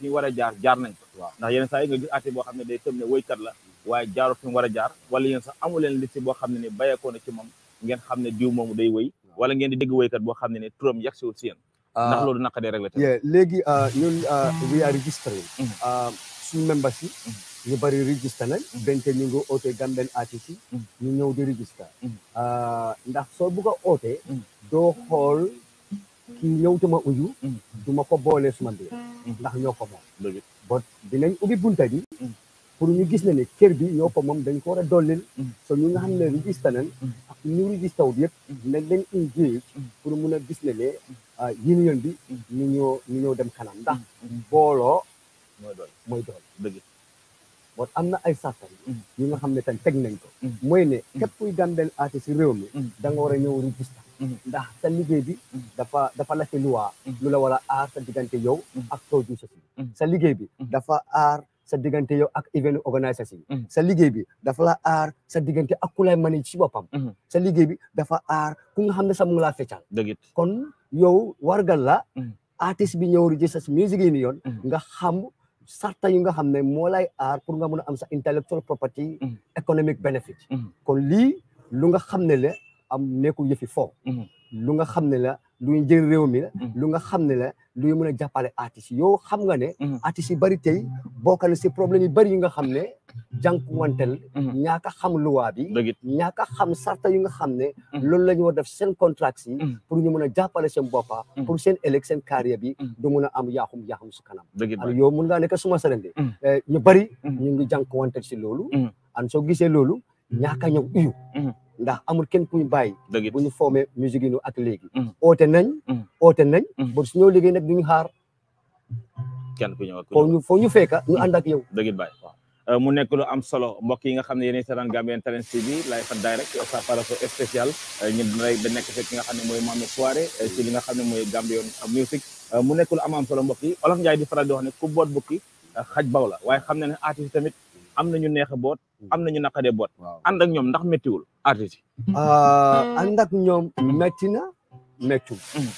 fi ñu war a jaar jaar nañ ko ndax yeneen saa yi nga gis artiste boo xam ne day tëm ne woykat la waaye jaarul fi war a jaar wala yéen sax amu leen liste boo xam ne ni bayeekoo na ci moom ngeen xam ne diw moomu day woy wala ngeen di dégg woykat boo xam ne ni turam yàgg siwul si yéen ah. ndax loolu naqadee rek la tamit léegi ah, ñun ah, we are registering mm-hmm. members yi mm-hmm. ñu bari register nañ mm-hmm. bente ñu ngi oote Gambian artiste yi ñu ñëw di register ndax soo bugg a oote doo xool kii ñëw te ma uyu mm-hmm. du ma ko boolee suma biir mm-hmm. ndax ñoo ko moom bon dinañ ubbi bunta bi mm-hmm. pour ñu gis ne ni kër bi ñoo ko moom dañ ko war a dollil so ñu nga xam ne registre nañ ak ñu registre wut yëpp nañ leen engage pour mun a gis ne ne ah, bi ñu ñoo ñu ñoo dem kanam ndax booloo mooy dool mooy dool bon am na ay sàttan ñu nga xam ne tam teg nañ ko mooy ne képp kuy gàmbeel aati si réew mi da nga war a ñëw registre Mm-hmm. ndax sa liggéey bi mm-hmm. dafa dafa la ci luwaa lu la war a aar sa diggante yow mm-hmm. ak producers sa liggéey bi dafa aar sa diggante yow ak event organisers yi sa liggéey bi dafa la aar sa diggante ak ku lay manage ci boppam sa liggéey bi dafa aar ku nga xam ne sa mu ngi laa feccal kon yow wargal la artiste bi ñëw register si music union nga xam sarta yu nga xam ne moo lay aar pour nga mën a am sa intellectual property economic benefit kon lii lu nga xam ne la am nekkul yëfi fo mhm. lu nga xam ne la luy jël réew mi la mhm. lu nga xam ne la luy mën a jàppale artistes yow xam nga ne mhm. artistes yi bëri tey bokk na si problème yi bëri yi nga xam ne jànkuwantel ñaaka xam luwaa bi ñaaka xam sarta yu nga xam ne loolu la ñu war def seen contrats pour ñu mën a jàppale seen boppa pour seen ëllëg seen bi du mën a am yaaxum yaaxum su kanam an yow mun ngaa nekk suma serende eh, ñu bëri ñu ngi jànkuwantel si loolu an soo gisee loolu ñaaka ñëw uyu ndax amul kenn ku ñu bàyyi bu ñu formé musique yi nu ak léegi mm-hmm. oote nañ mm-hmm. oote nañ mm-hmm. ba su ñoo liggéey nag du ñu xaar kenn ku ñëw foo ñu foo ñu fekka ñu ak yow dëgg bàyyi waaw euh, mu nekk lu am solo mbokk yi nga xam ne yéen seetaan Gambian Talents TV live and direct Saafara Show spécial euh, ñu rek nekk fekk ki nga xam ne mooy Mame Soirée euh, ci li nga xam ne mooy Gambian music mu nekk lu am am solo mbokk yi Olof Njaay di faral di wax ne ku boot bukki xaj baw la waaye xam ne na artiste tamit am nañu neex a boot am nañu naqadee boot ànd ak ñoom ndax méttiwul artiste yi ah, ànd ak ñoom métti na méttiwul mm.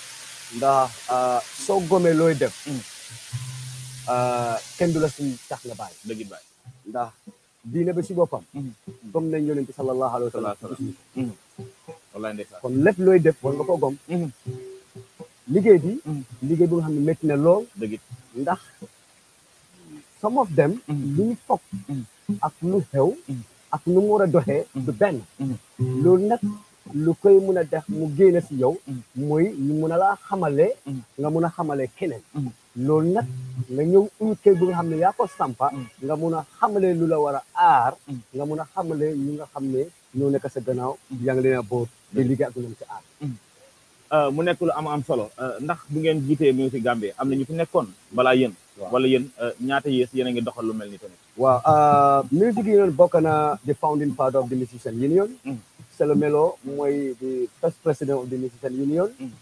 ndax ah, soo gomee looy def mm. ah, kenn du la si tax nga bàyyi dëgg ndax diine ba si boppam comme mm. nañ yonent bi sallallahu alayhi wa sallam wallaay ndeysaan kon lépp looy def war nga ko gom liggéey bi liggéey bi xam ne na lool dëgg ndax some of them lu ñu ak lu xew ak nu mu war a doxee du mm-hmm. benn mm-hmm. loolu nag lu koy mun a def mu génn si yow mm-hmm. mooy ñu mun a laa xamale nga mun a xamale keneen loolu nag nga ñëw uyu kër bu nga xam ne yaa ko sampa nga mun a xamale lu la war a aar nga mun a xamale ñu nga xam ne ñoo nekk sa gannaaw yaa ngi leen a boot di liggéey ak ñoom ci aar Euh, mu nekul am am solo euh, ndax bu ngeen jité mu si gambé am nañu fi nekkon bala yeen wala yeen euh, ñaata yees yeen nga doxal lu melni wa euh music union bokk the founding part of the musician union. Mm. le Melo moy the first president of the musician union. Mm.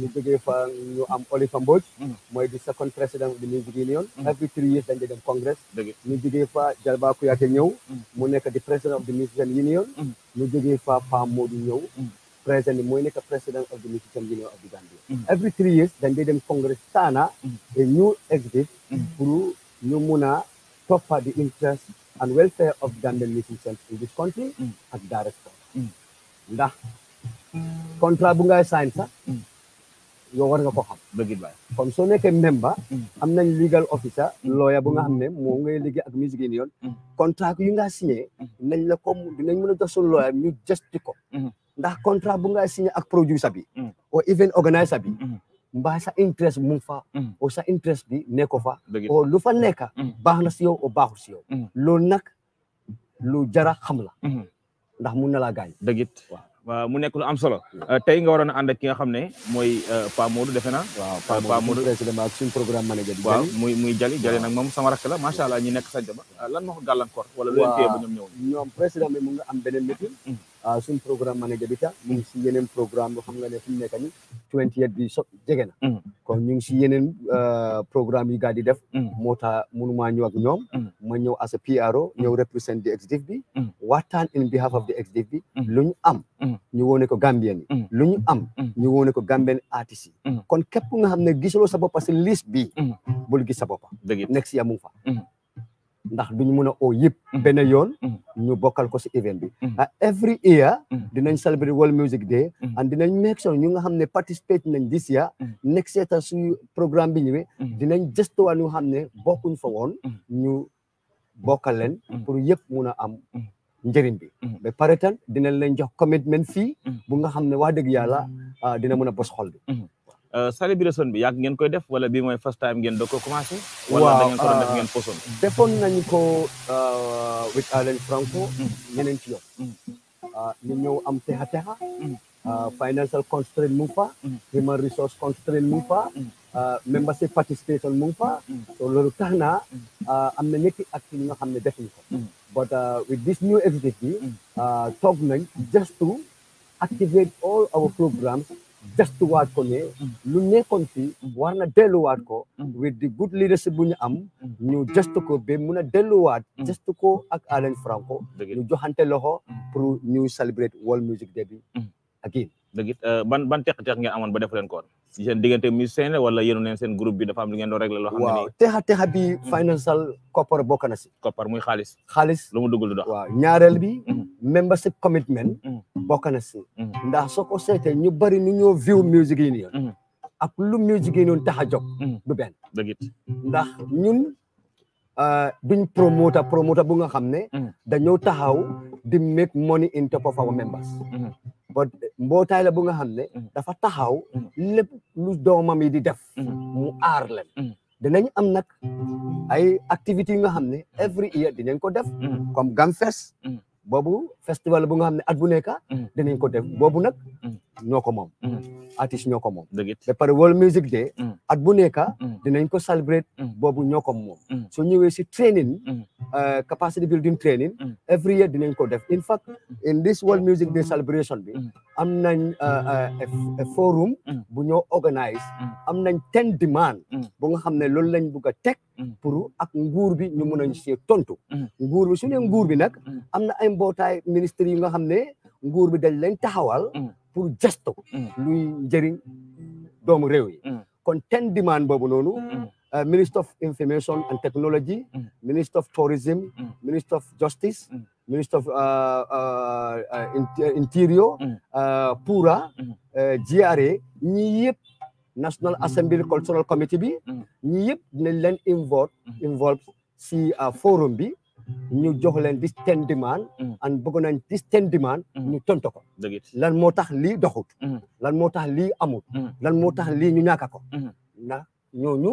ñu bëggé fa ñu am Oliver Mbodj. moy mm. the second president of the music union. every three years dañ dem congress. ñu bëggé fa Jalba Kuyate ñew mu nekk the president of the musician union. ñu bëggé fa Pam Modou ñew President Moynika, President of the Musician Union of the Gambia. Mm Every three years, then they them Congress sana a mm. new exit through mm. ñu mun a toppa the interest and welfare of Gambian musicians in this country mm. at direct ndax contrat bu ngay sign sa, You war nga ko xam Begit la kon so nekkee member am nañ legal officer lawyer bu nga am ne moo ngay liggéey ak music union contrat yu nga signé nañ la ko dinañ mën a jox lawyer ñu jësti ko ndax contrat bu nga signé ak producer bi mm. o even organizer bi mm-hmm. mbaa sa interest mu fa mm. o sa interest bi nekko fa o lu fa mm. nekka baax na si yow o baaxu si yow loolu nag lu jara xam la mm-hmm. ndax mun na laa gaañ dëggit waaw mu nekk lu am solo euh, tey nga waroon a ànd ki nga xam ne mooy euh, Pa Modou defe naa waaw Pa Modou président ak suñu programme manager waaw Jali Jali nag moom sama rakk la macha allah ñu nekk sa jaba euh, lan moo ko gàllankoor wala lu leen téye ba ñoom mu nga am beneen métier Ah, suñ programme ma ne tam ñu ngi si yeneen programme yoo xam nga ne fi mu nekk nii twenty eight bi so jege na mm-hmm. kon ñu ngi si yeneen ah, programme yi gaa di def mm-hmm. moo tax mënumaa ñëw ak ñoom mm-hmm. ma ñëw as a PRO ñëw represent the executive bi waxtaan in behalf of the executive bi lu ñu am ñu woone ko Gambien yi lu ñu am ñu woone ko Gambien artiste yi kon képp nga xam ne gisuloo sa bopp que liste bi bul gis sa bopp next year mu ngi fa ndax duñ mun a oo yëpp mhm. benn yoon mhm. ñu bokkal ko si event bi mhm. ah, every year dinañ celebrate World Music de and dinañ make sure ñu nga xam ne participate nañ this year next year suñu programme bi ñëwee dinañ gëstuwaat ñu xam ne bokkuñ fa woon ñu bokkal leen pour yëpp mun a am njëriñ bi ba pare tan dinañ leen jox commitment fii bu nga xam ne wax dëgg yàlla ah, dina mun a bos xol bi Eh, célébration bi yàgg ngeen koy def wala bii mooy first time ngeen doog ko commencé. wala da ngeen ko def ah, ngeen poson. defoon nañu ko eh, with Alan Franco. Mm. Mm. ñeneen ci yoon. Mm. Ah, ñu ñëw am texa texa. Ah, financial constraint mu fa. human resource constraint mu ngi fa. membership participation mu fa. so loolu tax na am na ñetti at yi nga xam ne ko. but with this new executive bi. toog nañ just to activate all our programs. gestuwaat ko ne mm. lu nekkoon fii war na delluwaat ko mm. with the good leadership bu ñu am mm. ñu gestu ko ba mun a delluwaat gestu ko ak Alain Franco ñu joxante loxo pour ñu celebrate World Music Day bi again dëgg it euh, ban ban teq-teq ngeen amoon ba def leen koon seen diggante musicien la wala yéen neen seen groupe bi dafa am lu ngeen doon régler bi financial koppar bokk na si muy xaalis xaalis lu mu du dox bi membership commitment bokk na ndax ko ñu bëri ñoo view music yi nii ak lu musique yi noonu tax a du ndax ñun duñ ah, promoter promoter bu nga xamné mm. dañu taxaw di make money in top of our members mm. but mbootaay la bu nga xamné mm. dafa taxaw lepp lu domam yi di def mu ar leen dinañ am nak ay activity nga xamné every year dinañ ko def comme Gamfest bobu festival bu nga xamné at bu nekk dinañ ko def bobu nak ñoo ko moom mm. artiste ñoo ko moom ba pare World Music Day mm. at bu nekka mm. dinañ ko celebrate boobu ñoo ko moom soo ñëwee si training euh, capacity building training every year dinañ ko def in fact in this World Music Day celebration bi am nañ euh, euh, forum bu ñoo organise am nañ ten demand bu nga xam ne loolu lañ bugg a teg pour ak nguur bi ñu mën a si tontu nguur bi su ne nguur bi nag am na ay mbootaay ministre yi nga xam ne nguur bi dañ leen taxawal pour gestu mm. luy jëriñ doomu réew yi mm. kon ten demande boobu noonu mm. euh, ministre of information and technology ministre of tourism ministre of justice ministre of euh, euh, interior pura GRA ñi yëpp national assembly cultural committee bi ñi yëpp dinañ leen involve involve si forum bi ñu jox leen this ten demand mm-hmm. and bëgg nañ this ten mm-hmm. ñu tontu ko lan moo tax lii doxut mm-hmm. lan moo tax lii amut lan moo tax lii ñu ñàkka ko ndax ñooñu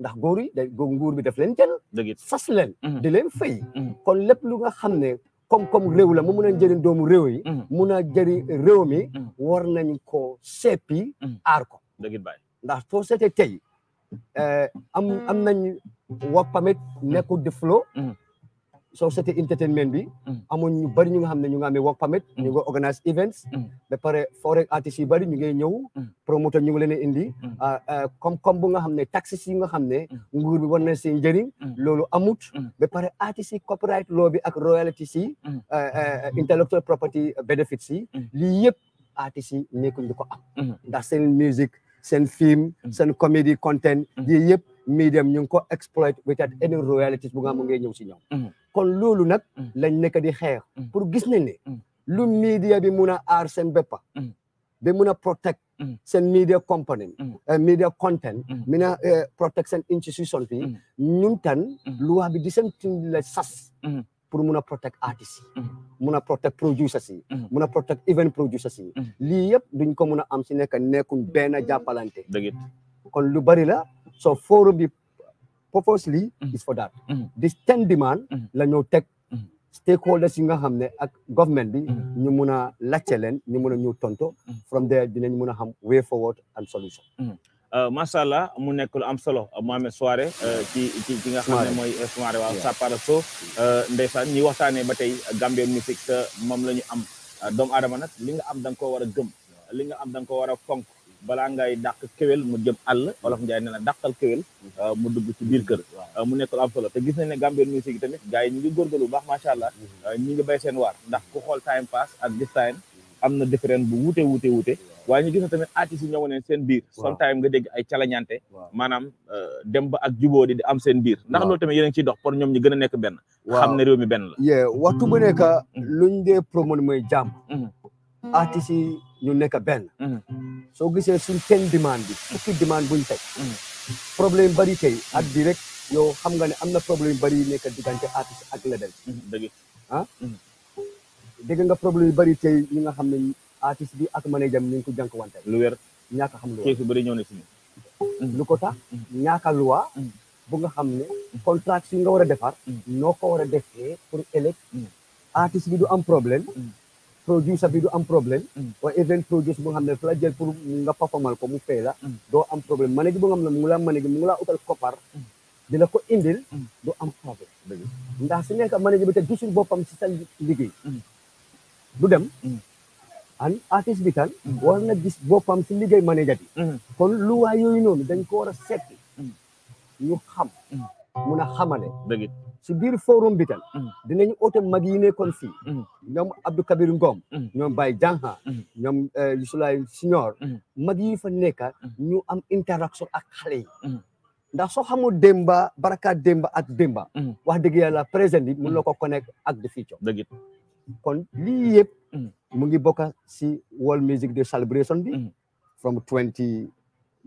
ndax góor yi day nguur bi daf leen jël sas leen di leen fay kon lépp lu nga xam ne koom-koom réew la mu mun a jëriñ doomu réew yi mun a jëriñ réew mi war nañ ko seppi aar ko ndax soo seetee tey eh, am am nañ work permit nekkul société entertainment bi mm. amoon ñu bëri ñu nga xam ne ñu nga amee work mm. ñu ngi organise events mm. ba pare foreign artistes bëri ñu ngay ñëw promoteur ñu ngi leen indi comme ah, ah, comme bu nga xam ne taxes yi nga xam ne nguur bi war na seen njëriñ loolu amut ba pare artistes yi copyright law bi ak royalties yi ah, intellectual property benefits yi lii yëpp artistes si nekkuñ di ko am ndax seen musique seen film seen comedy content yii yëpp medium ñu ngi ko exploit without any mm-hmm. royalties bu nga xam ngay ñëw si ñoom mm-hmm. kon loolu nag mm-hmm. lañ nekk di xeex pour gis nañ ne lu media bi mun a aar seen béppa ba mun a protect seen media company eh, media content mun a eh, protect seen institution bi ñun tan lu bi di seen tin la sas pour mun a protect artistes yi mun a protect producers yi mun a protect event producers yi lii yëpp duñ ko mun a am si nekk nekkuñ benn jàppalante kon lu bari la so forum bi purposely mm-hmm. is for that mm-hmm. this ten demand mm-hmm. la ñëw teg stakeholders yi nga xam ne ak government bi ñu mun a lacce leen ñu mun a ñu tonto from there dinañ mun a xam way forward and solution euh, macha allah mu nekk lu am solo mu amee soirée euh, ci ci ci nga xam ne mooy euh, soirée waaw Sapara Show ndeysaan ñi waxtaanee ba tey Gambian music moom la ñu am doomu aadama nag li nga am da ko koo war a gëm li nga am da ko koo war a fonk balaa ngay dàq kéwél mu jëm àll olof njaay nee na dàqal kéwél euh, mu dugg ci biir kër euh, mu nekk lu am solo te gis na ne Gambian musique tamit gars yi ñu ngi góorgóorlu bu baax macha allah mhm. euh, ñi ngi bay seen waar ndax ku xool time pass ak this time am na différence bu wuute wuute wute waaye ñu gis na tamit artistes yi ñëw neen seen biir sometime nga dégg ay calañante maanaam dem ba ak jubóo di am seen biir ndax lool tamit yéen a ngi dox pour ñoom ñu gën a nekk benn xam mi benn la yee waxtu bu nekk mm-hmm. ñu dee promote mooy jàmm mm-hmm. artistes yi ñu nekk benn mm-hmm. soo gisee suñ ten demande bi fukki demande buñ teg mm. problème bari tey at bi rek yow xam nga ne am na problème bari yu nekk diggante artiste ak label mm, dëgg ah mm. dégg nga problème yu bari tey nga xam ne artiste bi ak manager am ñu ngi ko jànkuwante lu wér ñàkk xam lu keesu bëri ñëw na si lu ko tax ñaaka loi bu nga xam ne contrat yi nga war a defar noo ko war a defee pour ëllëg artiste bi du am problème produce bi du am problème wa mm. event produce mo xamné fla jël pour nga performal ko mu fay la mm. do am problème manage bu nga xam la mu ngi laa manage mu la outal utal koppar mm. di ko indil do am problème ndax su mané gi bi te gisul bopam ci sa liggéey du dem an artiste bi tan war na gis bopam ci liggéey mané jati kon luwaa yooyu non dañ ko wara a ñu xam mun a xamale si biir forum bi tam mm. dinañ oote mag yi nekkoon fii mm. ñoom Abdou Kabir Ngom mm. ñoom Baye Jangha ñoom eh, Yusulay Signor mag yi fa nekka ñu am interaction ak xale yi ndax soo xamul démba baraka démba ak démba wax dëgg yàlla présent yi mën la ko connect ak the future kon lii yëpp mu ngi bokka si World Music Day celebration bi from twenty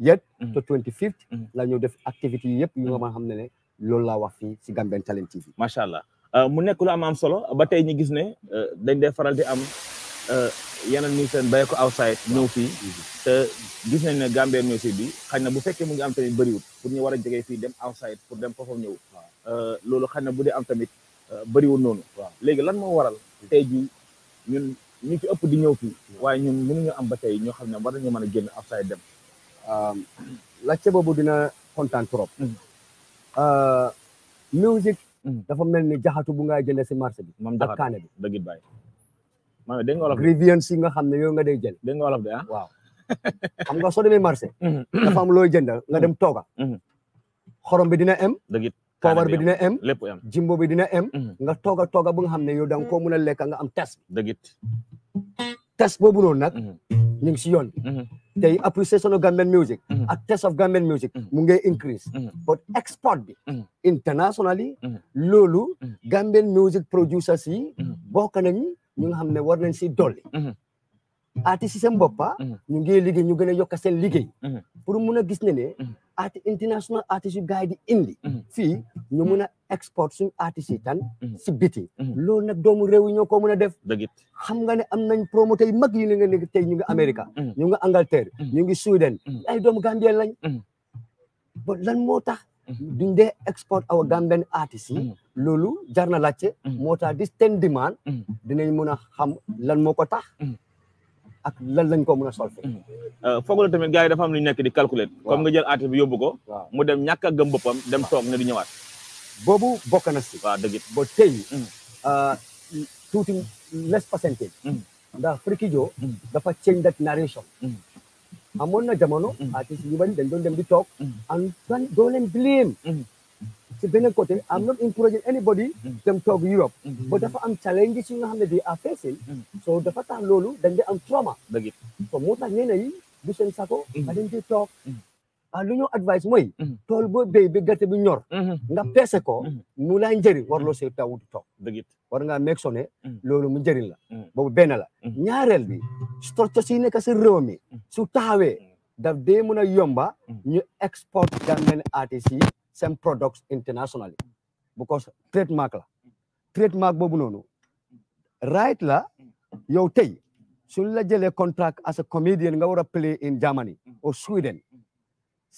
yet to twenty fifth la ñu def activité yi yëpp yu ma xam ne ne loolu laa wax fii si Gambian Talents TV. macha allah euh, mu nekk lu am am solo ba tey ñu gis ne euh, dañ dee faral di am euh, yeneen ñu seen bàyyi ko outside ñëw fii te gis nañ ne Gambian music bi xañ na bu fekkee mu ngi am tamit bëriwut pour ñu war a jege fi dem outside pour dem foofu ñëw loolu xëy na bu dee am tamit bëriwul noonu. léegi lan moo waral tey jii ñun. ñu ci ëpp di ñëw fii waaye ñun mënuñu am ba tey ñoo xam ne war nañu mën a génn outside dem um, laajte boobu dina kontaan trop mm-hmm. Eh, music hmm. dafa melni ni jaxatu bu ngay jëndee ci marché bi. mom jaxatu kané bi dëgg bay ma dégg nga wolof grievance yi nga xamné yo nga day jël. dégg nga wolof de ah waaw. xam nga so demee marché. Hmm. dafa am loy jënd nga dem toga hmm. xorom bi dina em. dëgg poobar bi dina em lepp em jimbo bi dina em. nga toga toga bu nga xamné yo dang ko mëna lek mun a lekk nga am tas. dëgg tas boobu noonu nag. ñu mm-hmm. ngi si yoon bi mm-hmm. tey appreciation of Gambian music mm-hmm. ak test of Gambian music mu ngi increase but export bi internationally loolu Gambian music producers yi bokk nañ ñu nga xam ne war nañ si dolli artistes si seen boppa ñu ngi liggéey ñu gën a yokk seen liggéey pour mun a gis ne ne arti international artistes yu gars di indi mhm. Mhm. fii ñu mun a export suñu artistes yi tan mhm. si biti loolu nag doomu réew yi ñoo ko mën a def xam nga ne am nañ promoteur yu mag yi ne nga nekk tey ñu ngi Amérique ñu ngi Angleterre ñu ngi Sweden ay doomu Gambien lañ bon lan moo tax duñ de export aw Gambian artistes yi loolu jar na laajte moo tax dis ten demand dinañ mun a xam lan moo ko tax ak lan lañ ko mën a solve mm. euh, foog la tamit gars yi dafa am lu ñu nekk di calculer comme nga jël artiste bi yóbbu mu dem ñàkk a gëm boppam dem toog ne du ñëwaat boobu bokk na si waaw dëgg it ba tey mm. euh, tuuti less percentage mm. ndax Freaky Joe dafa change that narration amoon na jamono artiste yu bari dañ doon dem di toog an doo leen ci beneen côté am mm-hmm. not encouraging anybody mm-hmm. dem toog Europe mm-hmm. ba dafa am challenges yu nga xam ne di à facing soo dafa tax loolu dañ dee am trauma soo moo tax ñeneen yi du sen sako ba dañ dee toog ah lu ñu advice mooy tool boo béy bi gerte bi ñor nga peese ko mu laa njëriñ warloo see taw toog war ngaa meeg sone loolu mu njëriñ la boobu benn la ñaareel bi structure si nekk si réew mi su taxawee daf dee mën a yomba ñu export gamben artistes yi sen products internationally because trademark la trademark bobu nonu right la yo tay sun la jele contract as a comedian nga wara play in Germany or Sweden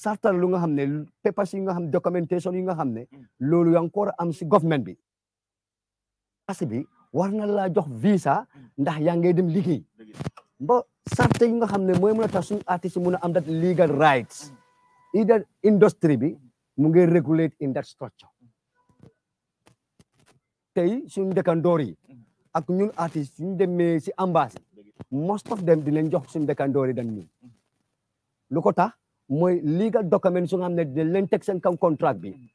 certain lu nga xamne papers yi nga xam documentation yi nga xamne lolu yang ko am si government bi parce bi warna la jox visa ndax ya ngay dem liggéey ba sarte yi nga xamne moy mooy tax suñu artiste mën am dat legal rights either industry bi mungkin regulate in that structure tey suñu dëkkandoor yi hmm. ak ñun artiste suñu demee si ambassade most of them dinañ jox suñu dëkkandoor dan dañ ñun hmm. lu ko tax legal document su nga xam ne dinañ leen contract bi hmm.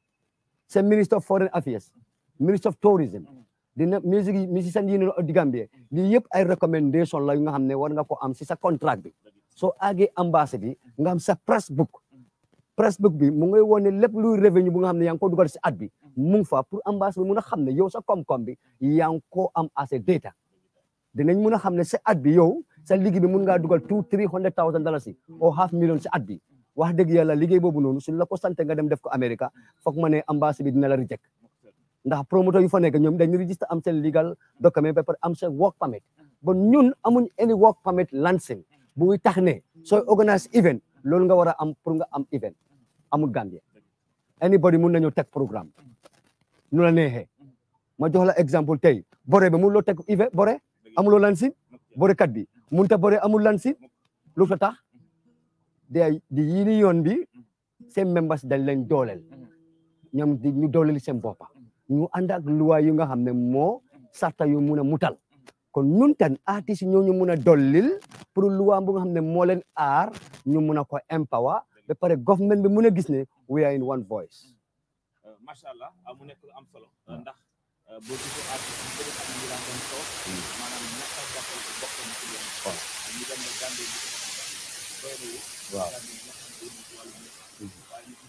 seen minister of foreign affairs minister of tourism di musique musicien yi ne di Gambie lii yep ay recommendation la yu nga xam ne war nga ko am si sa contract bi so agi ambassade bi nga am sa press book presse book bi mu ngay woné lepp luy revenue bu nga xamné yang ko dugal ci at bi mu fa pour ambassade bi mu na xamné yow sa kom kom bi yang ko am assez data dinañ mu na xamné ci at bi yow sa ligue bi mu nga dugal two three hundred thousand dollars au half million ci at bi wax deug yalla ligue bobu nonu suñ la ko santé nga dem def ko america foog mané ne ambassade bi dina la reject ndax promoteur yu fa nek ñom dañu register am sen legal document paper am sen work permit ba ñun amuñ any work permit lancing buy tax ne soy organize event loolu nga wara am pour nga am event amul Gambia anybody mën nañu tek programme ñu la nexé ma jox la exemple tay bore bi lo tek ivé ive bore amuloo lansin bore kat bi mën ta bore amul lansin lu fa tax di yini yonbi. bi seen members dañ leen dolel ñoom di ñu dooleel seen bopa ñu ànd ak luwa yu nga xamné mo sarta yu mëna mutal kon ñun tan artiste ñoo ñu mëna dolil pour luwa bu nga xamné mo leen aar ñu mëna ko empower ba pare government bi mën a gis ne we are in one voice. Euh, macha allah euh, mu nekk lu am solo euh, ndax boo hmm.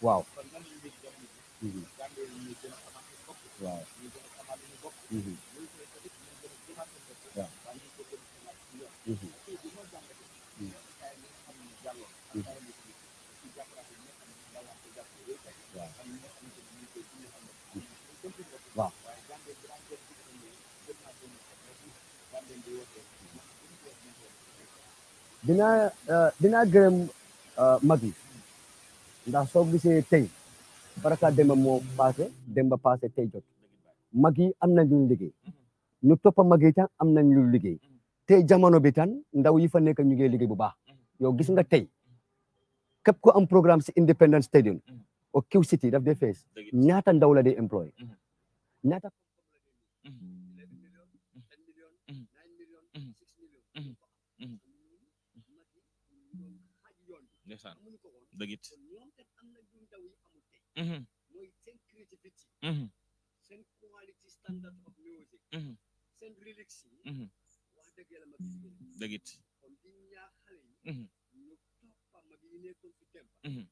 waaw waaw dina dinaa euh, dinaa gërëm euh, mag yi ndax soo gisee tey baraka demba moo paase demba paase tey jot mag yi am nañ luñ liggéey ñu toppa mag yi am nañ liggéey te jamono bi ndaw yi fa nekk ñu ngi liggéey bu baax mm-hmm. yow gis nga tey képp ku am programme si Independence Stadium mm-hmm. o Q daf dee fees ñaata ndaw la dee employé mm-hmm. dëgg it. Mm-hmm. Mm-hmm. Mm-hmm.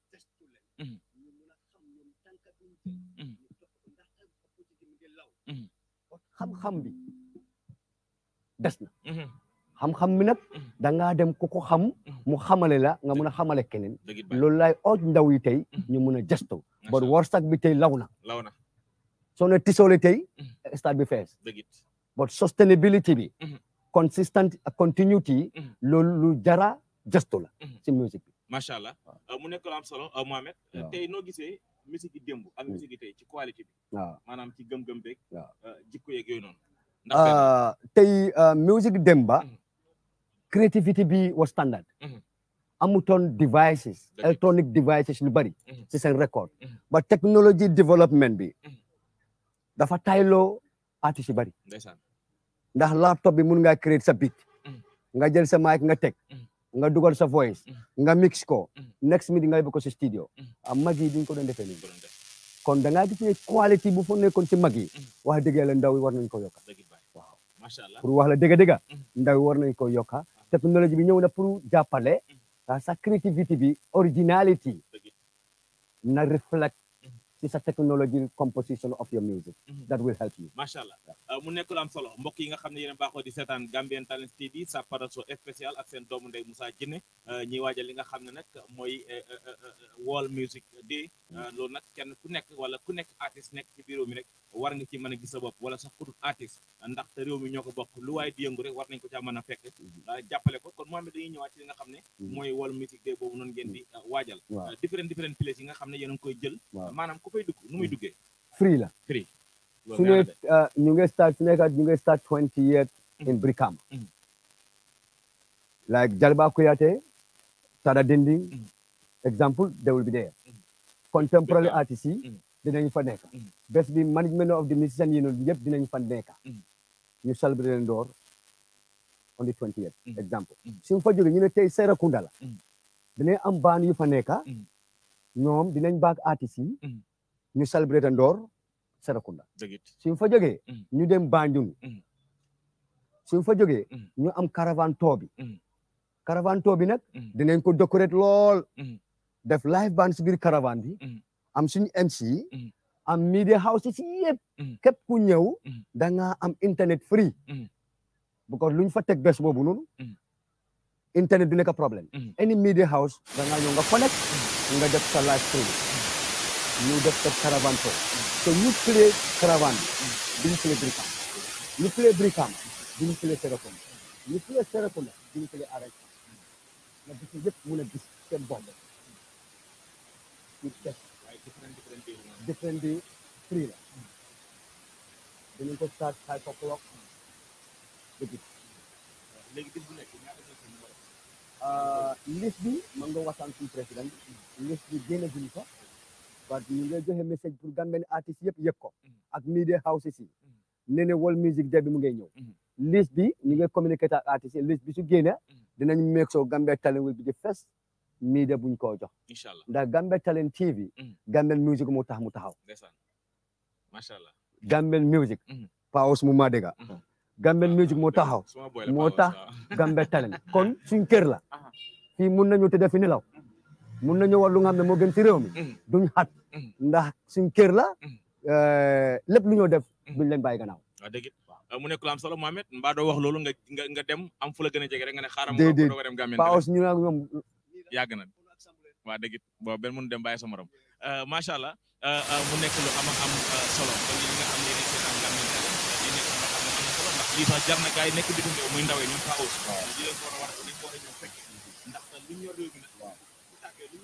xam-xam bi bi nag da dem ku ko xam mu xamale la nga mun a xamale keneen loolu ooj ndaw yi tey ñu mun a gëstu bon warsak bi tey law na soo ne tisoole tey stade bi fees bon sustainability bi consistent uh, continuity loolu mm-hmm. lu jara gëstu la mm-hmm. si musique bi macha allah ah. uh, mu nekk lu am solo uh, Mohamed tey noo gisee musique yi démb ak musique yi ci qualité bi waaw ci gëm-gëm beeg jikko yeeg yooyu noonu ah, tey musique démba mm-hmm. creativity bi was standard amutoon devices electronic devices lu bari si seen record But technology development bi dafa tayloo artiste yu bari ndax laptop bi mun nga créer sa beat mm. nga jël sa mic nga teg mm. nga dugal sa voice mm. nga mix ko next minute nga yóbbu ko si studio am ah, mag yi duñ ko doon defee nii kon da ngaa gis ne quality bu fa nekkoon si mag yi wax dëgg yàlla ndaw yi war nañ ko yokka waaw pour wax la dëgg-dëgg ndaw yi war nañ ko yokka technologie bi ñëw na pour jàppale sa créativité bi originalité na reflect it's a technology composition of your music mm-hmm. that will help you macha allah uh, mu nekk lu am solo mbok yi nga xamne yene baxo di setan Gambian talent TV sa paraso special ak sen doomu ndey Moussa Jinne uh, ñi waajal li nga xam ne nag mooy uh, Music Day mm-hmm. lo nak kenn ku nekk wala ku nekk artist nekk ci biir mi rek war nga ci meuna gis sa wala sax ku artist ndax te rew mi ñoko bok lu way di yëngu rek war nañ ko caa mën a fekk mm-hmm. jappale ko kon moom it dañuy ñëwaat ci li nga xamne moy wall Music Day boobu non ngeen di waajal different different place yi nga xamne ne ngoy a ngi jël ku fay dugg free la free. su ne ñu start su nekk ñu start twenty years in mm-hmm. Brikama. Mm-hmm. like Jalba Kuyate, Tada Dinding, mm-hmm. example, they will be there. Contemporary artists, dinañ fa nekk. best bi management of the musician yi noonu yëpp dinañ fa nekk. you celebrate leen door on the twentieth exemple. suñ fa jógee ñu ne tey Serekunda la. dinañ am baan yu fa nekk. ñoom dinañ baag artistes yi. ñu célébrer Ndor sarakunda suñ fa joggé mm. ñu dem Banjul mm. suñ fa joggé mm. ñu am caravane tour bi caravane tour bi nag dinañ ko décorer lool def live band ci bir caravane bi am suñu MC am media ci yépp kep ku ñew da nga am internet free bu ko luñ fa tek bes bobu noonu internet du nek problème any media house da nga ñu nga connect nga def sa live stream ñu def ko caravane foofu te muscler caravane bi clé fële Brikama ñu fële Brikama duñu fële Serekunda ñu fële Serekunda duñu fële Arek na bis yëpp mun a gis seen bopp ñu test different day free la dañu ko start five o'clock ba gis léegi bis bu nekk liste bi mën nga waxtaan suñu président liste bi génn guñu ko parce que ñu ngi joxe yëpp yëg ko mm-hmm. ak media houses yi mm-hmm. nee ne World Music Day bi mu ngay ñëw mm-hmm. liste bi ñu ngi communiqué ak artistes yi bi su génne dinañ make sure Gambia Talent will be the first media buñ koo jox incha allah ndax Gambia Talent TV Gambian music moo tax mu taxaw macha allah Gambian music paos mu maa dégga Gambian ah, music moo taxaw moo tax Gambia Talent kon suñ kër la fii mun nañu tëdd fi nelaw mën nañu war lu nga xam ne moo gën ci réew mi mm-hmm. duñ xat mm-hmm. ndax suñ kër la mm-hmm. eh, lépp lu ñoo def duñ leen bàyyi gannaaw waaw dëgg mu nekk lu am solo Mohamed mbaa doo wax loolu nga nga dem am fu la gën a jege rek nga ne xaaral ma doo dem Gambie paos ñu nag ñoom yàgg na benn dem bàyyi sa morom eh, macha allah eh, mu nekk lu am am solo kon li nga am yéene seen am nekk am solo ndax lii di leen ko war a war a ñëw Yeah,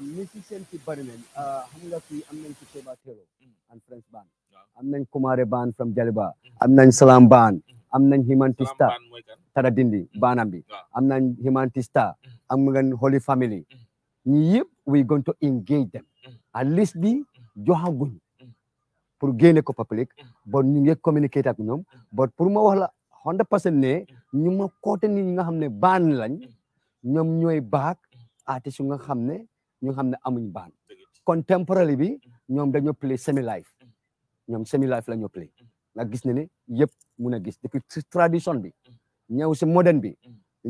ñu jëwee bu tàbbee am am mm-hmm. and French band am Kumare band from mm-hmm. am Salam band mm-hmm. am Himantista am Himantista am Holy Family ñi yëpp we going to engage them at least bi joxaguñ pour génne ko public mm. ba ñu ngi communiqué ak ñoom mm. ba pour ma wax la hundred percent ne mm. ñu ma côté nit ñi nga xam ne baan lañ ñoom ñooy baak artiste yu nga xam ne ñu xam ne amuñ baan contemporary bi ñoom dañoo play semi ñoom semi life la ñoo play nga gis ne ne yëpp mun a gis depuis tradition bi ñëw si moderne bi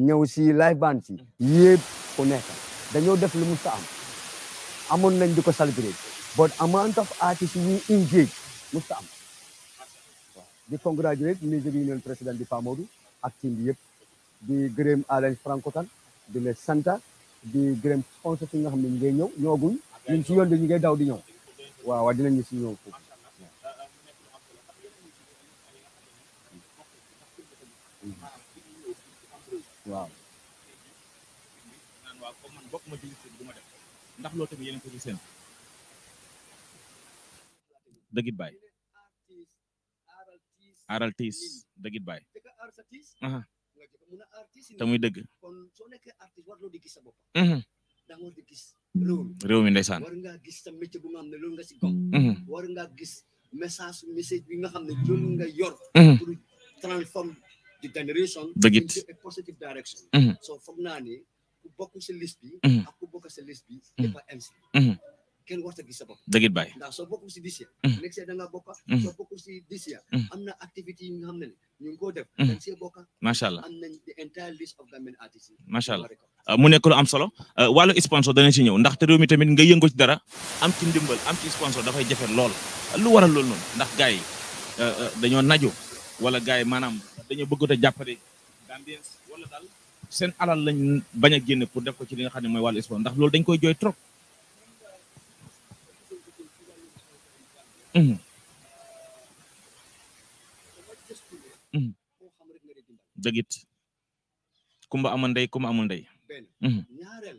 ñëw si live band si yëpp ku nekk dañoo def lu mu sa am nañ di celebrate but amount of artistes yu engage musta am waaw di congratulé ministre de l'union président di Pa Modou ak team bi yëpp di gërëm Alain Franco Kane di leen di gërëm sponsor yi nga xam ne ñu ngay ñëw ñooguñ ñun si yoon bi ngay daw di ñëw waaw waaw dinañ ñu si ñëw waaw ndax loolu dëggit baay aaral tiis dëggit baay te muy dëgg uh-huh. réew mi ndeysaan war nga gis sa métier bu nga xam ne loolu nga si gom war nga gis message message bi nga xam ne loolu nga yor pour transform the generation dëggit into so foog naa ne ku bokk sa liste bi uh-huh. ak ku bokk sa bi uh-huh. am si kenn warta gis sa bopp dëgg baay ndax soo bokkul si dis ya mm. nekk see da nga bokka mm. soo bokkul si mm. am na activité yi nga ko def dañ see bokka allah am nañ the entire list of Gambian artists yi macha allah mu nekk uh, lu am solo uh, wàllu sponsor dana si ñëw ndaxte réew mi tamit nga yëngu ci dara am ci ndimbal am ci sponsor dafay jafe lool lu waral loolu noonu ndax gars yi uh, dañoo wala gars yi maanaam dañoo bëggut a jàppale Gambians wala daal seen alal lañ bañ a génne pour def ko ci li nga xam sponsor ndax loolu dañ koy jooy trop Mm-hmm. Mm-hmm. dëggit kumba amul ndey kumba amul ndey ñaareel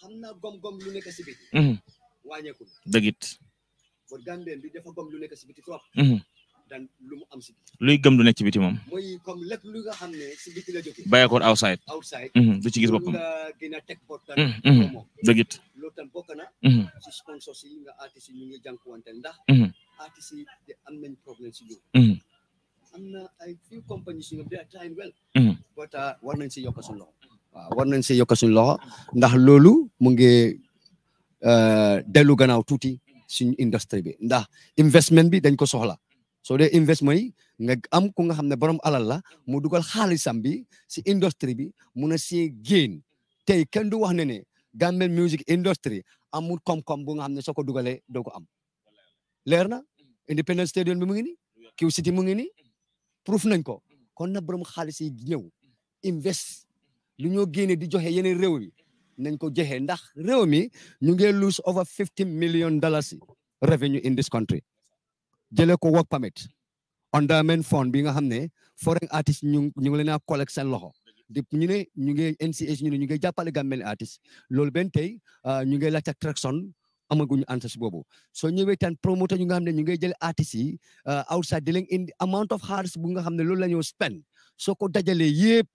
xam naa gom-gom lu nekk si biti wàññeeku dëggit bon gambien bi dafa gom lu nekk si biti trop mm-hmm. daan lu mu am si biti lu nekk ci biti moom mooy comme lépp lu nga xam ne si biti la jógee bàyyeekoon outside mhm, du ci gis boppam gën a teg bottan mhm, mhm, moom dëgg it loolu si sponsors nga artiste yi ñu ngi jànkuwante ndax artiste yi de am nañ problème si loolu am na ay few war nañ si yokk waaw war nañ si yokk suñu loxo ndax loolu mu ngi euh, dellu gannaaw tuuti suñu industrie bi ndax investment bi dañ ko soxla so dee investment yi nga am ku nga xam borom alal la mu dugal xaalisam bi si industry bi mu na si gain tay kenn du wax ne ne music industry amul kom-kom bu nga xam soko soo do ko am leer na Independence Stadium bi mu ngi ni City mu ngi ni proof nañ ko kon na borom xaalis yi invest lu ñoo di joxe yene rew yi nañ ko joxe ndax rew mi ñu ngi lose over 50 million dollars revenue in this country jele ko work permit endowment fund bi nga xamne foreign artist ñu ñu ngi leena collect sen loxo di ñu ne ñu ngi NCH ñu ñu ngi jappale gamel artist lolou ben tay ah, ñu ngi lacc traction amaguñu answer bobu so ñewé tan promoter ñu nga xamne ñu ngi jël artist yi ah, outside di in the amount of hard bu nga xamne lolou lañu spend So ko dajalé yépp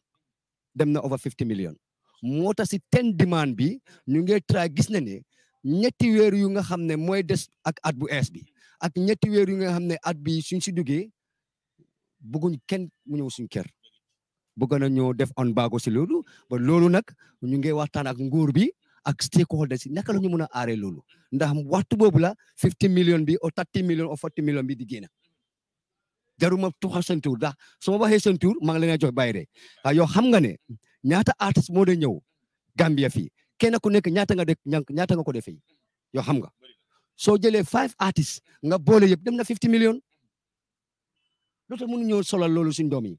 dem na over 50 million mota ci ten demand bi ñu ngi try gis na ne ñetti wër yu nga xamne moy dess ak at bu bi ak ñetti wër yu nga xamné ne at bi suñ si duggee bëgguñ kenn mu ñëw suñ kër bëgg na ñoo def on bago ci lolu ba lolu nak ñu ngi waxtaan ak nguur bi ak stakeholders si naka la ñu mën a ndax waxtu bobu la 50 million bi o 30 million o 40 million bi di gëna jaruma tuxa seen tour da so ba waxee sen tour ma nga leen jox bayre de yo xam nga ne ñaata artiste mo de ñew Gambia fi kene ku nek ñaata nga de ñaata nga ko defee yo xam nga soo jëlee five artistes nga boole yëpp dem na fifty million lu tax mënu ñëw solal loolu suñ doom yi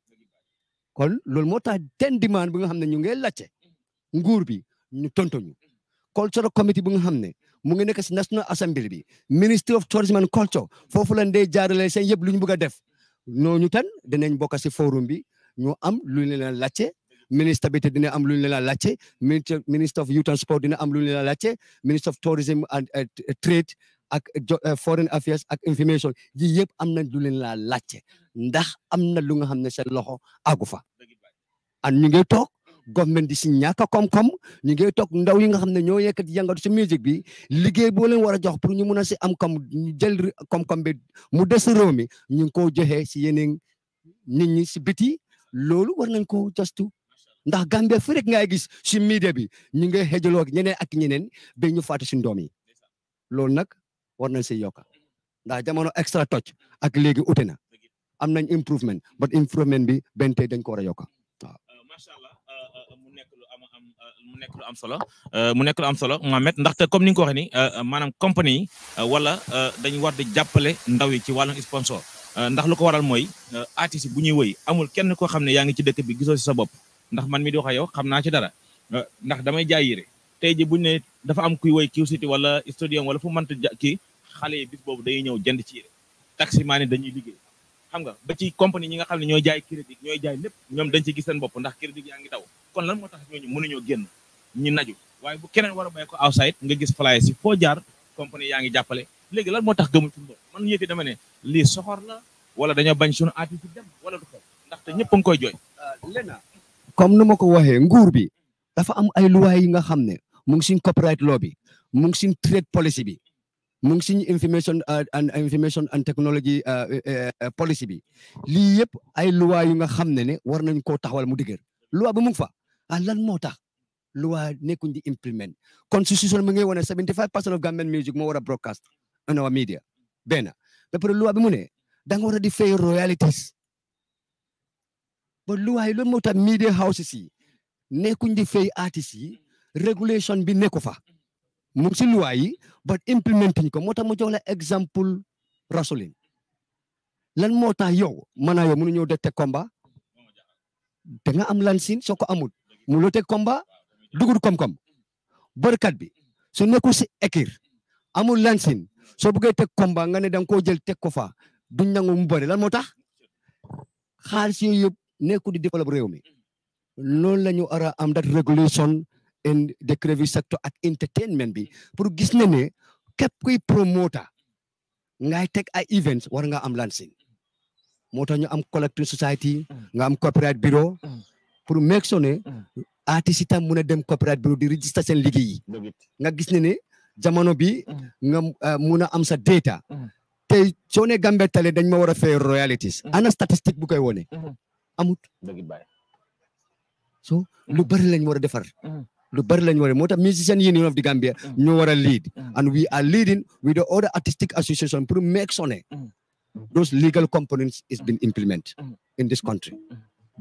kon loolu moo tax ten demande bu nga xam ne ñu ngi lacce nguur bi ñu tonto ñu cultural committee bu nga xam ne mu ngi nekk si national assembly bi ministry of tourism and culture foofu lañ dee jaarale seen yëpp lu ñu bëgg a def ñooñu tan danañ bokk si forum bi ñu am lu leen lacce ministre bi dina am lu ñu la laajte ministre ministre of youth dina am lu ñu la laajte ministre of tourism and eh, trade ak eh, foreign affairs ak information ji yëpp am na lu leen la laajte ndax am na lu nga xam ne seen loxo àggu fa an ñu ngi toog government di si ñàkk a koom-koom ñu ngi toog ndaw yi nga xam ne ñoo yekkat yëngatu si musique bi liggéey boo leen war a jox pour ñu mun a si am koom ñu jël koom-koom bi mu des réew mi ñu ngi koo joxe si yeneen nit ñi si biti loolu war nañ ko jastu ndax Gambia fi rek ngay gis si media bi ñu ngi xejaloo ak ñeneen ak ñeneen ba ñu faatu suñu doom yi loolu nag war nañ si yokka ndax jamono extra touch ak léegi ute na am nañ improvement but improvement bi benn tey dañ ko war a yokka waaw. Euh, macha allah euh, euh, mu nekk lu am am mu nekk lu am solo mu nekk lu am solo Mohamed ndaxte comme ni nga ko waxee ni maanaam compagnie wala dañu war di jàppale ndaw yi ci wàllum sponsor ndax lu ko waral mooy artiste bu ñuy woy amul kenn koo xam ne yaa ngi ci dëkk bi gisoo si sa bopp. ndax man mi di wax yow xam naa ci dara ndax damay jaayire tey ji buñ ne dafa am kuy woy kiw ti wala studio wala fu mënta kii xale yi bis boobu dañuy ñëw jënd ci yére taxi maa ne dañuy liggéey xam nga ba ci compagnie ñi nga xam ne ñooy jaay crédit ñooy jaay lépp ñoom dañ ci gis seen bopp ndax crédit yaa ngi daw kon lan moo tax ñooñu mënuñoo génn ñu naju waaye bu keneen war a ko outside nga gis flyer si foo jaar compagnie yaa ngi jàppale léegi lan moo tax gëmul ci loolu man yéete dama ne lii soxor la wala dañoo bañ suñu attitude dem wala du ko ndaxte ñëpp a ngi koy jooy ah, comme nu ma ko waxee nguur bi dafa am ay loi yi nga xam mu ngi copyright law bi mu ngi trade policy bi mu ngi information uh, and information and technology uh, uh, policy bi lii yëpp ay loi yu nga xam ne ne war nañ koo taxawal mu dëgër luwaa bi mu ngi fa ah lan moo loi luwaa di implement constitution bi ngay wane 75% of government music moo war broadcast on our media bena ba pour luwaa bi mu ne da nga war di fay royalties ba luwaay loolu moo tax media si yi nekkuñ di fay artistes yi régulation bi nekku fa mu ngi luwaay yi but implementing ko moo tax ma jox la exemple Rasoline lan moo tax yow man yow mënu ñëw de teg combat da nga am lan sin soo ko amul mu loo teg combat dugul koom-koom bi su nekkul si écrire amul lan sin soo bëggee teg combat nga ne da nga koo jël teg ko fa duñ nangu mu bëri lan moo tax xaalis yooyu yëpp nekku di develop rew mi mm. lool la ara am dat regulation and the creative sector at entertainment bi mm. pour gis na né kep kuy promoter ngay tek ay events war nga am lancing mm. moto ñu am collective society nga am corporate bureau pour make sure artiste tam mëna dem corporate bureau di register sen liggéey yi nga gis na né jamono bi nga eh, mëna am sa data tay soo ne Gambian dañ ma wara fay royalties ana statistique bu koy wone amut dëgg so mm. mm. lu bari lañ wara defar lu bari lañ wara. motax musician yi musician of the Gambia mm. ñu wara lead and we are leading with the other artistic association pour make sonné those legal components is been implement in this country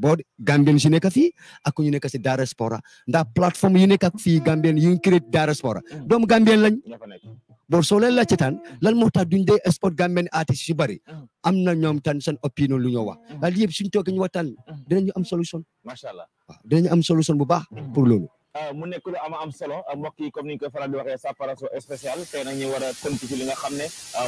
bod Gambien ci nek fi ak ñu nek ci diaspora nda platform yu nek ak fii Gambien yu create diaspora dom Gambien lañ borsole la hmm. ci hmm. tan lan moo tax duñ dee sport Gambian artiste ci bari amna ñom tan sen opinion lu ñu wax dal yëpp suñ tok ñu watal dinañu am solution. macha allah dinañu am solution bu baax hmm. pour loolu. mu nekk lu eh, am am solo eh, mbokk yi comme ni ñu faral di waxee sa paraso spécial tey nak ñi wara a ci li nga xam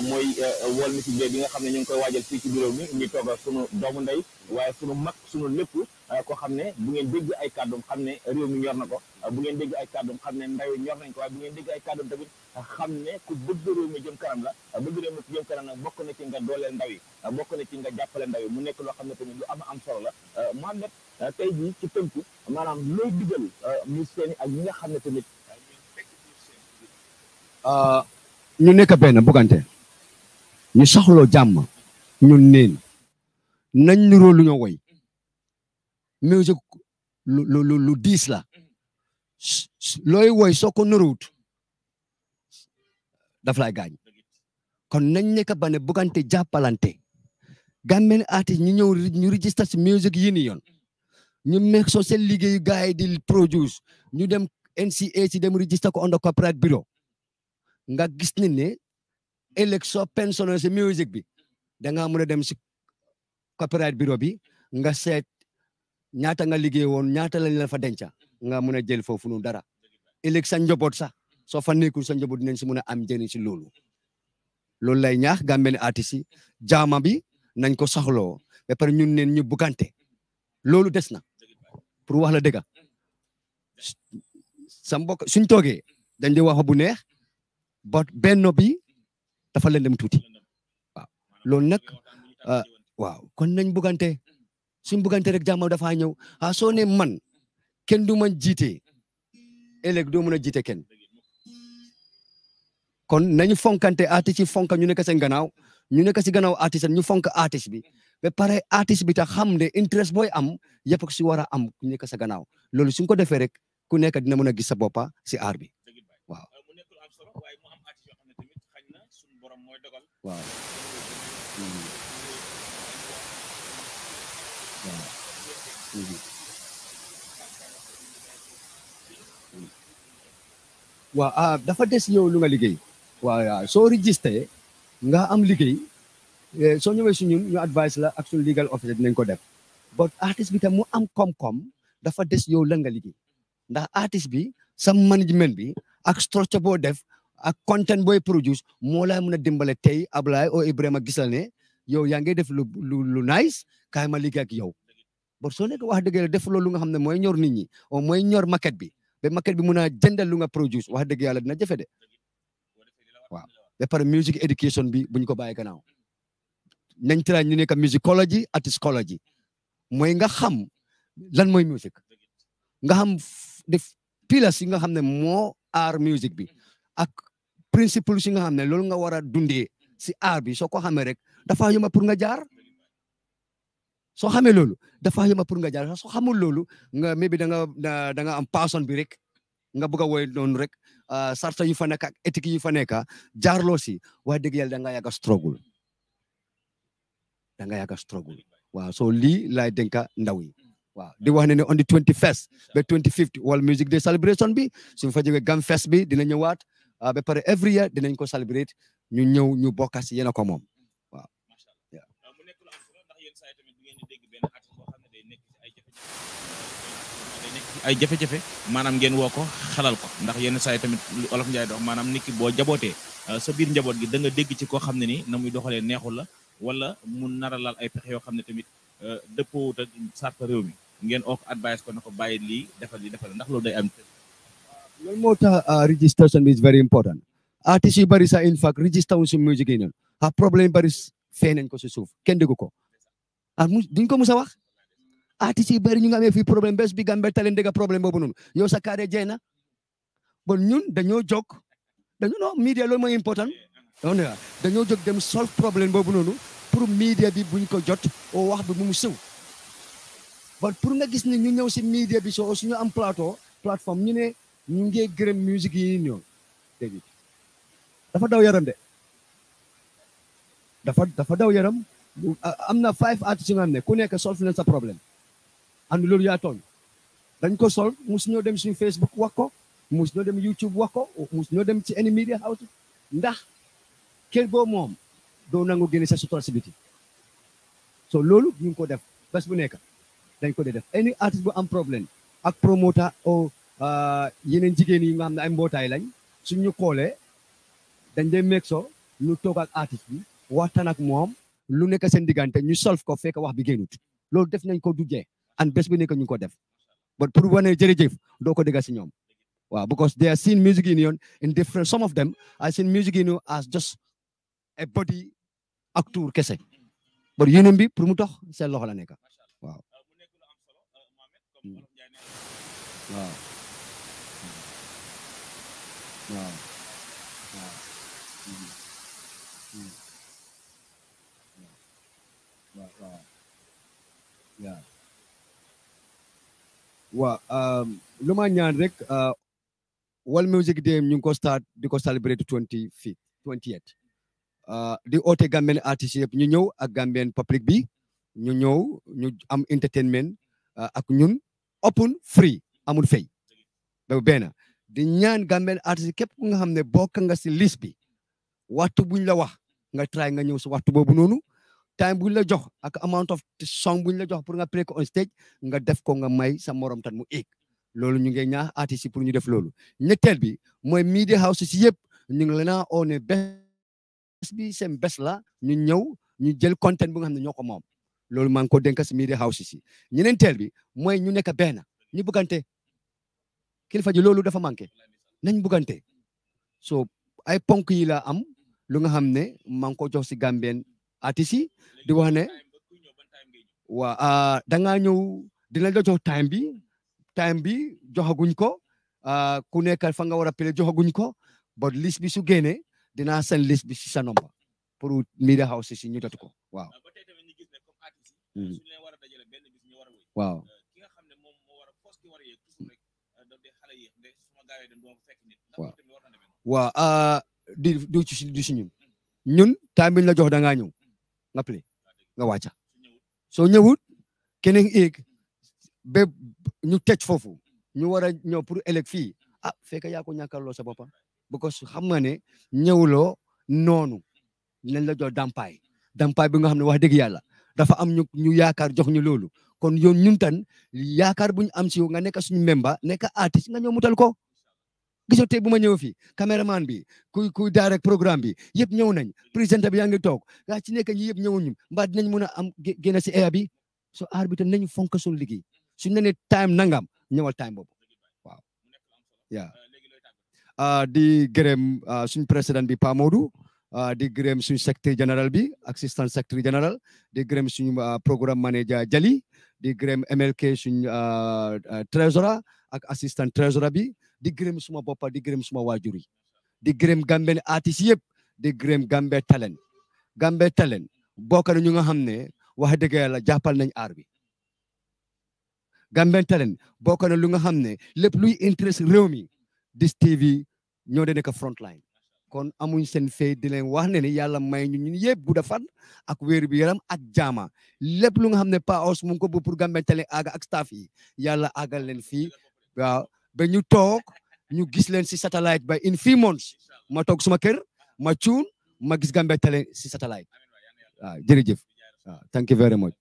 moy eh, mooy World Music bi nga xam ñu ngi koy wajjal fii ci bureau mi ñi toog suñu doomu ndey waye suñu mak suñu lepp Euh, ko xam ne bu ngeen dégg ay kàddum xam ne réew mi ñor na ko euh, bu ngeen dégg ay kàddum xam ne ndaw ñor nañ ko waaye bu ngeen dégg ay kàddum tamit xam ne ku bëgg réew mi jëm kanam la euh, bëgg réew mi jëm kanam nag bokk na ci nga dooleel ndaw yi bokk na ci nga jàppale ndaw mu nekk loo xam ne tamit lu am am solo la Mohamed tey jii ci tënku maanaam looy digal ministère yi ak ñax xam ne tamit ñu nekk benn buggante ñu soxloo jàmm ñun neen nañ niroo lu ñu woy musique lu lu lu lu diis la looy woy soo ko nuruwut daf lay gaañ kon nañ nekk ba ne bugante jàppalante ni artiste ñu ñëw ñu register si music union ñu mek soo seen liggéey gars yi di produce ñu dem NCA si dem register ko under corporate bureau nga gis ne ne ëllëg soo pensionné si music bi da mën a dem si corporate bureau bi nga seet ñaata nga liggéey woon ñaata lañ la fa denca nga mën a jël foofu nu dara ëllëg sa njaboot sax soo fa nekkul sa njaboot dinañ si mën a am njëriñ si loolu loolu lay ñaax gàmbeen artiste yi jaama bi nañ ko soxloo ba pare ñun neen ñu buggante loolu des na pour wax la dëgga sa mbokk suñ toogee dañ di wax bu neex ba benno bi dafa leen dem tuuti waaw loolu nag ah, waaw kon nañ buggante suñ buggante rek jàmm dafaa ñëw ah soo ne man kenn du man jiite ëllëg doo mën a jiite kenn kon nañu fonkante artiste yi fonka ñu nekk seen gannaaw ñu nekk si gannaaw artiste ñu fonk artiste bi ba pare artiste bi ta xam ne interest booy am yëpp si war a am ñu nekk sa gannaaw loolu suñ ko defee rek ku nekk dina mën a gis sa boppa si aar bi waaw ah, dafa des yow lu nga liggéey waaw ah, soo registré nga am liggéey eh, soo ñëwee si ñun ñu advice la ak suñu legal officer dinañ ko def but artiste bi tam mu am koom-koom dafa des yow lan nga liggéey ndax artiste bi sa management bi ak structure boo def ak content booy produce moo laa mën a dimbale tey Ablaye o Ibrahima gis la ne yow yaa ngi def lu lu lu nice kaay ma liggéey ak yow bon soo nekk wax dëgg la lu loolu nga xam ne mooy ñor nit ñi o mooy ñor maquette bi ɓe bimuna bi muna lu lunga produce deug yalla dina na dé waaw be par music education bi buñ ko bàyyi gannaaw nañ tira ñu nekk musicology psychology moy nga xam lan moy music nga xam def pillars yi nga xam mo art music bi ak principle yi nga xam ne nga wara dundé ci si bi soko xamé rek dafa yuma pour nga jaar so xamé lolu dafa yema pour nga jàll so xamul lolu nga maybe da nga da nga am passion bi rek nga bëgg a woy noonu rek ah, sarta yu fa nek ak éthique yu fa nek ah, jaarlo si waaye dëgg yalla da nga yaga struggle da nga yaga struggle wa so li lay denka ndaw yi di wax ne on the 21st, be 25th, while Music Day celebration bi su fa jógee Gam Fest bi dina ñëwaat ah, ba pare every year dinañ ko celebrate ñu ñëw ñu bokk si ko mom ay jafé jafé manam ngeen wo ko xalal ko ndax yenn say tamit olof njaay dox manam niki bo jaboté ah, sa bir njabot gi da nga dégg ci ko xamné ni namuy doxalé neexul la wala mu naralal ay pex yo xamné tamit ah, depo wut ak sarta rew mi ngeen ok advice ko nako ko li, defal li defal ndax loolu day am loolu moo tax ah, registration is very important artiste yu bari sa in fact register wuñ si musique yi noonu ah problème bari fee ko ci souf kenn dégg ko ah diñ ko musa wax artiste bari ñu nga amé fi problème bes bi gambel talen dega problème bobu ñun yow sa carré jeyna bon ñun dañoo jog dañu no media lool moy important non ya dañoo jog dem solve problème bobu nonu pour media bi buñ ko jot o wax bi mu sew bon pour nga gis ni ñu ñew ci media bi so suñu am plateau plateforme ñu né ñu ngi gërem musique yi ñoo dégg dafa daw yaram de dafa dafa daw yaram amna five artistes ñu amne ku nekk solve na sa problème andu loolu yaa tooñ dañ ko sol mus dem suñu Facebook wax ko mus ñoo dem YouTube wax ko mus ñoo dem ci any media house ndax kër boo moom doo nangu génne sa sutura si biti so loolu ñu ngi ko def bés bu nekk dañ ko dee def any artiste bu am problème ak promoteur o uh, yeneen jigéen yi nga xam ne ay mbootaay lañ suñu xoolee dañ dee meeg so ñu toog ak artiste bi waxtaan ak moom lu nekk seen diggante ñu solve ko fekk wax bi génnut loolu def nañ ko du jee and bés bu nekk ñu ko def but pour wane jërëjëf doo ko dégg si ñoom waaw because they are seen music union in different some of them are seen music union as just a body ak tour kese but yeneen bi pour mu dox seen loxo la nekk waaw waaw waaw um, lu ma ñaan rek uh, World Music Day ñu ngi ko start di ko celebrate twenty fifth twenty eight uh, di oote Gambian artistes yëpp ñu ñëw ak Gambian public bi ñu ñëw ñu am entertainment uh, ak ñun open fri amul fay dafa benn di ñaan Gambian artistes képp ku nga xam ne bokk nga si liste bi waxtu buñ la wax nga tray nga ñëw si waxtu boobu noonu time buñ la jox ak amount of song buñ la jox pour nga play ko on nga def ko nga may sa morom tan mu éeg loolu ñu ngi ñaax artistes yi pour ñu def ñetteel bi mooy media house si yëpp ñu ngi leen a one bés bi seen bés la ñu ñëw ñu jël content bu nga xam ne ñoo ko moom loolu maa ngi ko dénk si media house si ñeneenteel bi mooy ñu nekk benn ñu bëggante kilifa ji loolu dafa manqué nañ bëggante so ay ponk yi la am lu nga xam ne maa ngi jox si Gambien atisi yi di wax ne waa ah, da ngaa ñëw dinañ la jox time bi time bi joxaguñ ko ah, ku nekkal fa nga war a pile ko but list bi su génnee dinaa seen list bi si sa nomba pour media house si ñu jot ko waaw. Hmm. waaw. Euh, euh, waaw ah, di du ci du si ñun hmm. ñun time bi la jox da ngaa ñëw. lapli nga wàcca soo ñëwut keneen éeg ba ñu tëj foofu ñu war a ñëw pour éleg fii ah fekk yaa ko ñàkkaloo sa boppam because xam nga ne ñëwuloo noonu lañ la jox dàmpaay dàmpaay bi nga xam ne wax dëgg yàlla dafa am ñu ñu yaakaar jox ñu loolu kon yoon ñun tan yaakaar bu ñu am si yow nga nekk suñu memba nekk artiste mutal ko gisoo tey bu ma ñëw fii bi ku ku direct programme bi yeb ñew nañ presenter bi ya nga tok da ci nek ñi yëpp ñëwuñu dinañ am génn ci air bi so arbitre nañ fonk sul ligi suñ ne time nangam ñewal time wow. waaw ah di gërëm ah, suñ président bi Pa Modou ah, di grem suñ secrétaire général bi assistant secrétaire général di gërëm suñ ah, programme manager Jali di grem MLK suñ trésorier ak assistant trésorier bi di digirim suma boppa di suma wajuri wajuri di Gambian artiste artis digirim di talent gambe talent bokk talent ñu nga xamne wax deug yalla jappal nañ art bi gambe talent boka na lu nga xamne lepp luy interest rew mi Dis TV ño de nek front line kon amuñ senfe fey di len wax ne ni yàlla may ñu ñun yeb bu fan ak wër bi yaram ak jaama lepp lu nga xamne Pa Ous mu ko bu pour gambe talent aga ak staff yi yalla agal len fi waaw ba ñu tok ñu gis leen si satellite ba in few months ma tok suma kër ma ciun ma gis Gambian tele si satellite wa jere jeuf thank you very much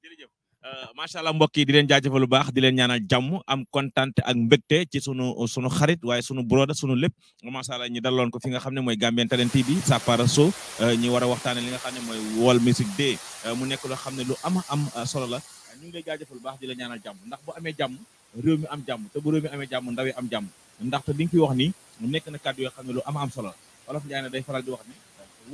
euh, macha allah mbokk yi di leen jaajëfal bu baax di leen ñaanal jamm am kontaan ak mbekté ci sunu sunu xarit waye sunu broda sunu lépp macha allah ñu daloon ko fi nga xamne moy Gambian TV sa para so wara euh, wara waxtaane li nga xamne moy World Music Day euh, mu nekk lo xamne lu am am solo la ñu ngi lay jaajëfal lu baax di leen ñaanal jamm ndax bu amé jamm réew mi am jàmm te bu réew mi amee jàmm ndawee am jàmm ndaxte li nga fi wax ni nekk na kàddu yoo xam ne lu am am solo la Njaay ne day faral di wax ni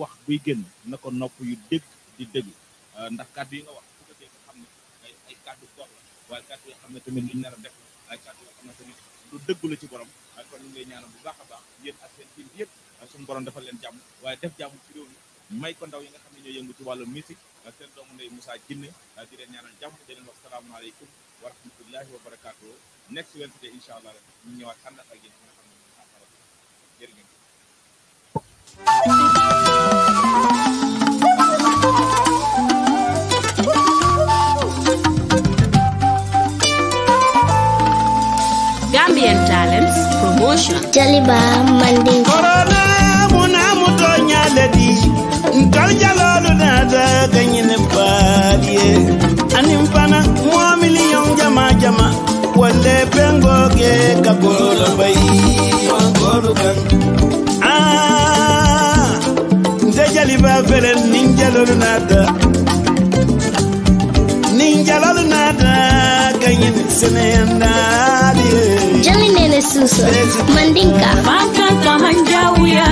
wax buy génn na ko nopp yu dégg di dégg euh, ndax kàddu yi nga wax bu ko dégg xam ne ay ay kàddu gox la waaye kàddu yoo xam ne tamit luñ nar a def ay kàddu yoo xam ne tamit lu dëggu la ci borom waaye kon ñu ngi lay ñaanal bu baax a baax yéen ak seen tiim yëpp suñu borom defal leen jàmm waaye def jàmm ci réew mi may ko ndaw yi nga xam ne ñoo yëngu ci wàllu musique seen doomu ndey Moussa Jinne di leen ñaanal jàmm di leen wax salaamaaleykum wa rahmatullahi wa barakatuh next Wednesday insyaallah allah rek ñu ñëwaat ak nga Gambian Talents Promotion Jaliba Manding Corona muna muto nyaladi ngal jalolu na da ganyin badiye anim le pengo ke kabolo bay ngolu ah nze jali ba fere ninjalo nada ninjalo nada kanyin senenda jali suso mandinka uya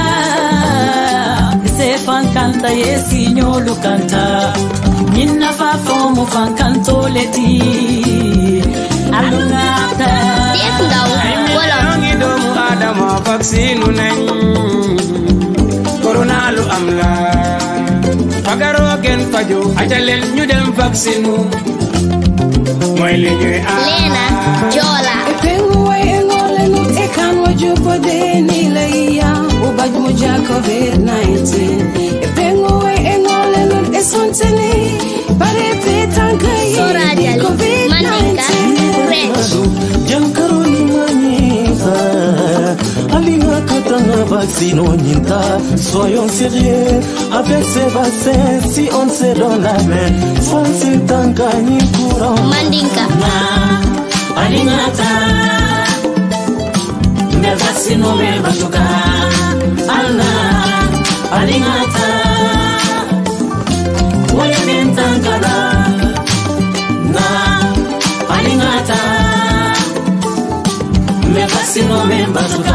se ninna fa am vaccine lena jola Maxino Ninta. Soyons sérieux avec Sébastien si on se donne la main. Francis Tangani courant. Mandinka. Ma, alingata. Mbevasino mbevatuka. Allah, alingata. Woyemin tankala. Na, alingata. Mbevasino mbevatuka.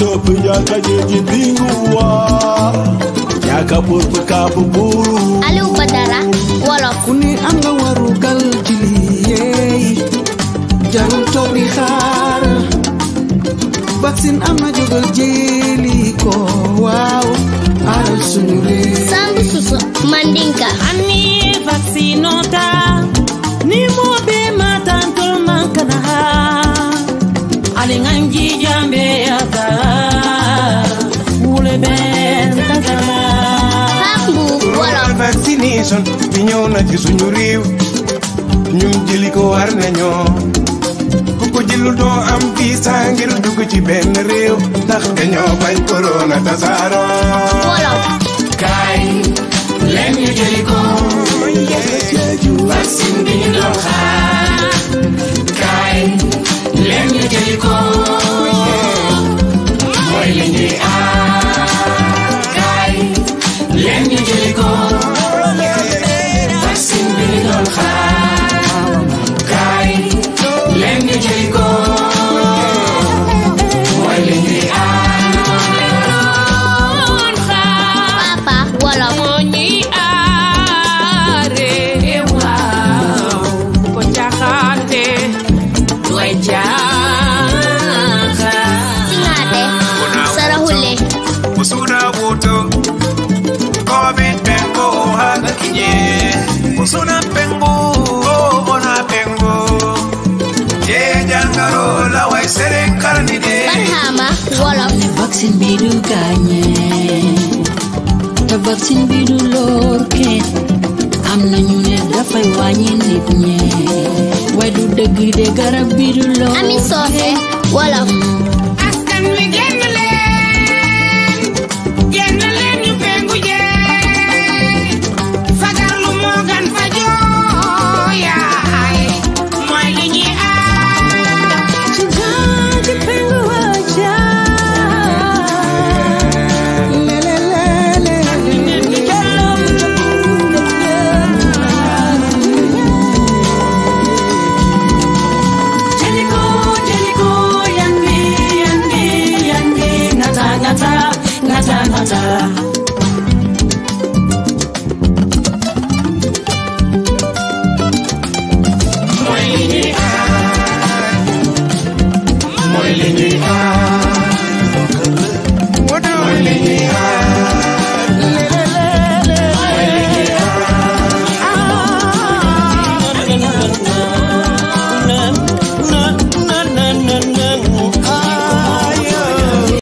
tofi ya kaje jibingua ya ka furfuka buburu alu badara wala kuni anga waru gal jili jang tobi xaar vaccine am na ñëw na ci suñu réew ñum jëli ko war nañoo ku ko am visa ngir dugg ci benn réew ndax dañoo bañ korona tasaaro kaay leen ñu jëli ko vaccine bi ñu doon xaar suna pengu oh bona pengu je jangaro la way ne vaccine bi du gagné vaccine lor ken am na ñu ne dafay wàññi nit ñi du dëgg de garab bi lor ami soofe wolof askan